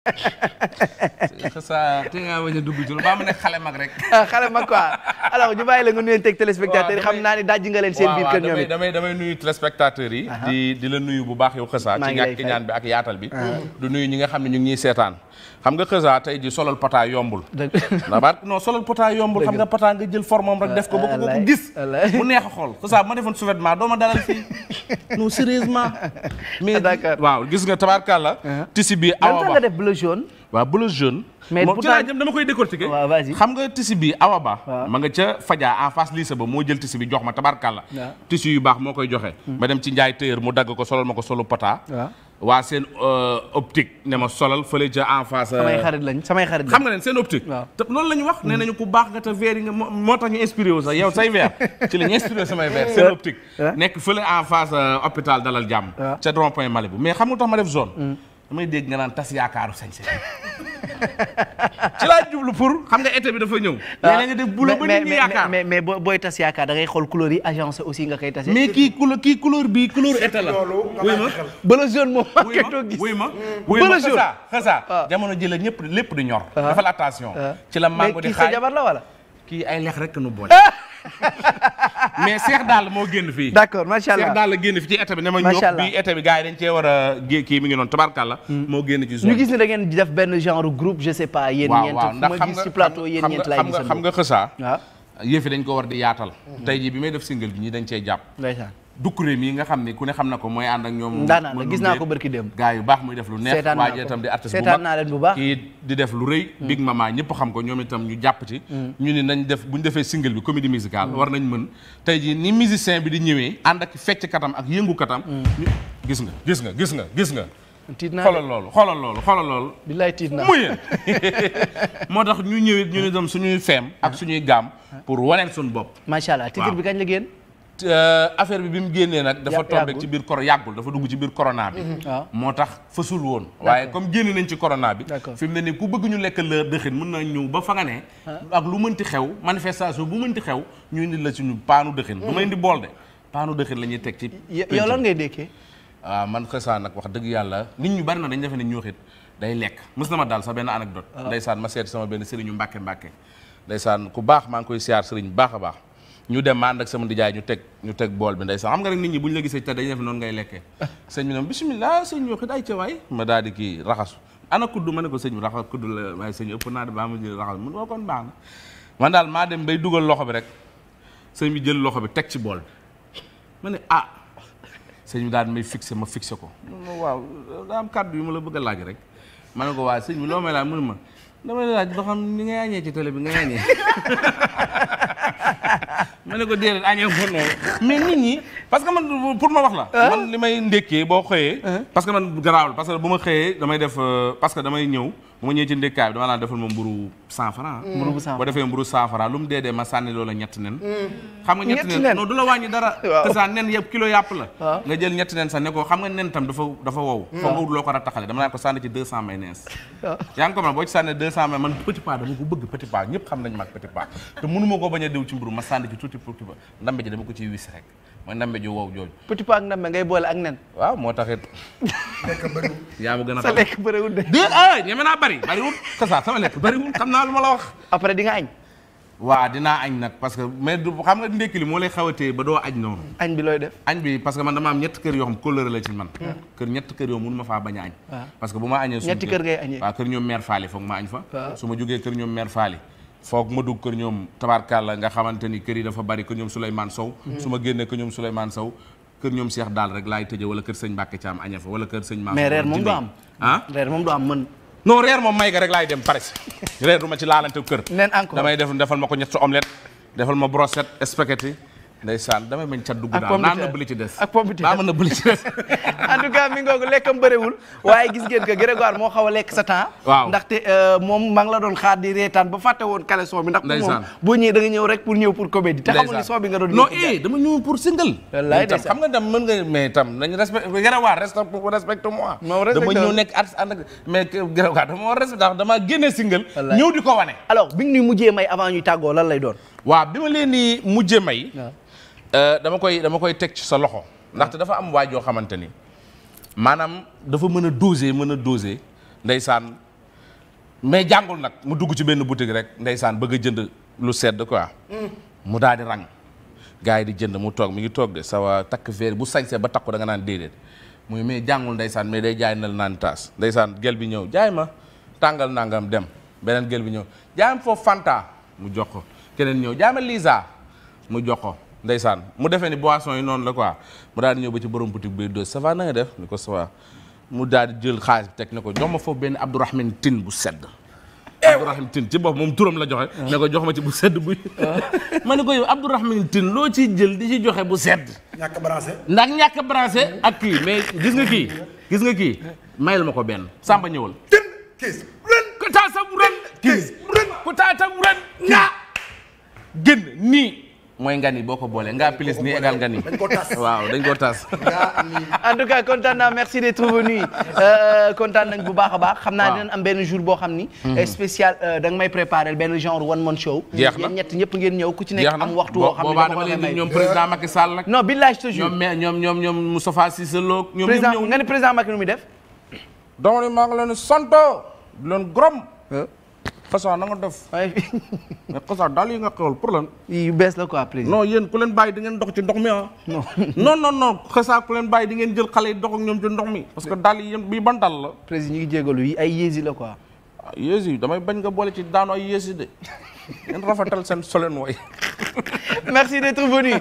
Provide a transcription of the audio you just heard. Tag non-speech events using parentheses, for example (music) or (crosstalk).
(laughs) xasa te nga bañ a dugg ci lu ba mu nekk xale mag rek (laughs) ah, xale mag quoi alors ñu la nga nuyeen teg yi xam naa ni dajji nga leen seen biir kër ñoom it damay damay nuyu téléspectateurs yi di di la nuyu bu baax yow xësa ci ñàkk ñaan bi ak yaatal bi ah. du nuyu ñi nga xam ne ñu ngi ñuy seetaan xam nga xësa tey ji solal pata yombul (laughs) dabaat non solal pata yombul xam nga pata nga jël formam rek def ko ba ko gis mu neex a xool xësa ma defoon sous-vêtement doo ma dalal fii non sérieusement mais d'accord waaw gis nga tabaarkàlla tisi bi awa bleu jaune. waaw bleu jaune. mais bu tawee dama koy décortiquer. xam nga tissu bi awa ba. ma nga ca Fadia en face lycée ba moo jël tissu bi jox ma tabarkalla. waaw tissu yu baax moo koy joxe. Hmm. ma dem ci njaay téyër mu dagg ko solal ma ko solu pota. waa seen euh, optique ne ma solal fële ca en face. samay euh, xarit lañ samay xarit lañ xam nga leen seen optique. waaw te la ñu wax nee nañu ku baax nga te verre yi nga moo tax ñu inspiré wu sax yow say verre ci la ñu inspiré samay verre seen optique. nekk euh, ma def damay dégg nga naan tas yaakaaru sañse (laughs) ci laa jublu pour xam nga été bi dafa ñëw. waaw ah, nga def bu la ba nit ñi yaakaar mais mais booy tas yaakaar da ngay xool couleur yi agence aussi nga koy tase. mais kii couleur kii couleur bii couleur été la. wuy ma bala jaune moom maa ngi doon gis. wuy ma wuy mm. ma xasa xasa ah. jamono ji la ñëpp lépp di ñor. Ah. dafa la attention. ci la mango di xaaj mais kii sa wala. kii ay lex rek nu boole. (laughs) (laughs) mais Cheikh daal moo génn fii. d'accord macha allah Cheikh Dall génn fi ci été bi ne ma ñëw bi été bi gars yi dañ cee war a kii mi ngi noonu tabarkalla. Hmm. moo génn ci zone ñu gis ne da ngeen di def benn genre groupe je sais pas. yéen ñeent fu ma gis xam nga xam nga xësa. waaw dañ ko war di yaatal. Hmm. tey jii bi may def single bi ñi dañ cee jàpp. dukkure mii nga xam ni ku ne xam na ko mooy ànd ak ñoom daanaa la gis naa ko barki dem gaa yu baax muy def lu neex waaje itam di artiste seetaan naa leen bu baax kii di def lu rëy mm. big mama ñëpp xam ko ñoom itam ñu jàpp ci mm. ñu ni nañ def bu ñu defee single bi comédie musicale mm. war nañ mën tey ji ni musicien bi di ñëwee ànd ak fecc katam ak yëngu katam gis nga gis nga gis nga gis nga tiit naa xoolal loolu xoolal loolu xoolal loolu billaay tiit naa muyeen (laughs) moo tax ñu ñëwit ñu ni dem suñuy feem ak ah. suñuy gaam ah. pour waneen suñu bopp macha allah titre bi kañ la génn Euh, affaire bi bi mu génnee nag dafa tombé ci biir koro yàggul dafa dugg ci biir corona bi mhm. ah. moo tax fësul woon waaye comme génne nañ ci corona bi fi mu ne nii ku bëgg ñu lekk la dëxin mën na ñëw ba fa ne ah. ak lu mënti xew manifestation bu mënti xew ñu indi la suñu paanu dëxin mhm. du ma indi bool de paanu dëxin la ñuy teg ci yow lan ngay dékkee waaw ah, man xesaan nag wax dëgg yàlla nit ñu bari na dañ defe ne ñooxit day lekk mës na ma daal sa benn anecdote ndeysaan ma seet sama benn sëriñu mbàkke mbàkke ndeysaan ku baax maa ngi koy siyaar sëriñ baax a baax ñu dem ànd ak sama ndijaay ñu teg ñu teg bool bi ndeysaan xam nga rek nit ñi bu ñu la gisee te dañuy def noonu ngay lekkee (laughs) sëñ bi ne bisimilah sëñ ay ma daal di kii raxasu ana kudd ma ne ko sëñ bi raxas kudd la waaye sëñ ëpp naa de baa ma jël raxas mun woo kon daal maa dem bay dugal loxo bi rek sëñ jël loxo bi teg ci bool ma ne ah sëñ bi may fixé ma fixé ko waaw daa am kàddu yi ma la bëgg a laaj rek ma ne ko waaye sëñ bi loo may laaj mënu ma damay laaj ba xam ni ngay añee ci télé bi ngay añee (laughs) ma ne ko déedéet añee furno mais nit ñi parce que man pour ma wax la. man li may ndékkee boo xëyee. parce que man garaawul parce que bu ma xëyee damay def euh, parce que damay ñëw bu ma ñëwee ci ndékkaay bi dama naan defal ma mburu 100 mm. bu defee mburu 100 lu mu dee dee ma sànni loola ñetti nen. Mm. xam nga ñetti nen non du la wàññi dara. (laughs) waaw la. nga jël ñetti nen sax ne ko xam nga nen tam dafa dafa wow. Mm. foog nga wut loo ko rattaxale dama naan ko ko man (laughs) boo ci sànni 200 man petit pas dama ko bëgg petit pas ñëpp xam nañ mag petit pas te mënu ma ko bañ a diw ci mburu ma sànni ci tuuti tuuti ba ndambe ko ciy mooy ndambe ju wow jooju. petit pain ak ndambe ngay boole ak nen. waaw moo taxit. lekk a xam sa lekk bëriwul de. de ay ah, ñeme naa bëri bëriwul c'est ça sama lekk bëriwul xam naa lu ma la wax. après di nga añ. waaw dinaa añ nag parce que mais du xam nga ndekki li moo ba doo añ noonu. bi looy def. bi parce que man dama am ñetti kër yoo xam kóllëre hmm. kër ñetti kër yoo mënu ma faa ah. que bu ma añee. ñetti kër ngay añee waaw kër ñoom mère Faly foog ma añ fa. Ah. su ma jógee kër ñoom mère Faly foog ma dugg kër ñoom la nga xamante ni kër yi dafa bari kër ñoom Souleymane Sow mm. su ma génnee kër ñoom Souleymane Sow kër ñoom Cheikh daal rek laay tëje wala kër sëñ Mbacke Thiam aña fa wala kër sëñ Maam mais reer moom du am ah reer moom reer moom may ga rek laay dem Paris (laughs) reer du ma ci laalante kër neen encore damay def defal ma ko ñett omelette defal ma brochette spaghetti ndeysaan damay meñ ca dugg daal naa nëbb li ci ci des (laughs) en tout cas mi lekkam bëriwul waaye gis ngeen que Grégoire moo xaw a lekk sa temps waaw ndaxte euh, moom maa ngi la doon xaar di reetaan ba fàtte woon kale son bi ndax moom boo ñëwee da nga ñëw rek pour ñëw pour comédie te xamul doon non eh dama ñëw tam xam nga tam mën nga mais itam nekk artiste ànd ak mais dama génne single ñëw di ko wane alors bi nga ñuy mujjee may avant ñuy tàggoo lan lay doon waaw bi ma leen mujjee may ah. Euh, dama koy dama koy teg ci sa loxo ndaxte dafa am waaj yoo xamante ni maanaam dafa mën a doser mën a doser ndeysaan mais jàngul nag mu dugg ci benn boutique rek ndeysaan bëgg a jënd lu sedd quoi mu daal di rang gars yi di jënd mu toog mi ngi toog de sawa takk feer bu sañsee ba takku da nga naan déedéet muy mais jàngul ndeysaan mais day jaay nal naan taas ndeysaan gel bi ñëw jaay ma tàngal nangam dem beneen gel bi ñëw jaay ma foofu Fanta mu jox ko keneen ñëw jaay ma mu jox ko ndeysaan mu defee ni boisson yi noonu la quoi mu daal di ñëw ba ci borom boutique bi doy ça va na nga def ni ko ça mu daal jël xaalis teg ne ko jox ma foofu benn Abdourahmane Tine bu sedd. Eh! Abdourahmane Tine ci bopp moom turam la joxe. ne ko jox ma ci bu sedd bu. (laughs) ma ne ko yow Abdourahmane tin loo ciy jël di ci joxe bu sedd. ñàkk a branché. ndax ñàkk a branché ak kii mais gis nga kii gis nga kii mayal ma ko benn Samba ñëwul. Tine kiis ren. ku taal ren. kiis ren mooy nga ni boo ko boole nga plus ni égal nga dañ ko tas (laughs) en tout kontaan naa merci d'être venu euh, kontaan nañ bu baax a baax. xam naa dinañ am benn jour boo xam ni. Mhm. Euh, spécial euh, da nga may préparer benn genre one man show. jeex na ñett ñëpp ngeen ñëw ku ci nekk am waxtu woo xam ne dama président Macky Sall ak. non billahi je Lo. ñoom président Macky nu def. donc maa ngi leen di sant di façon na nga def (laughs) mais xasaar daal yi nga xewal pour lan yu bees la quoi please non yéen ku leen bàyyi di ngeen dox ci ndox mi ah non (laughs) non non non xasaar ku jël xale yi dox ak ci ndox mi parce que daal yi yéen bii ban daal la président ñu ngi jégalu yi ay yéesi la quoi ah, yéesi damay bañ nga boole ci daanu ay yéesi de ngeen rafetal seen solen wooy (laughs) merci d'être venu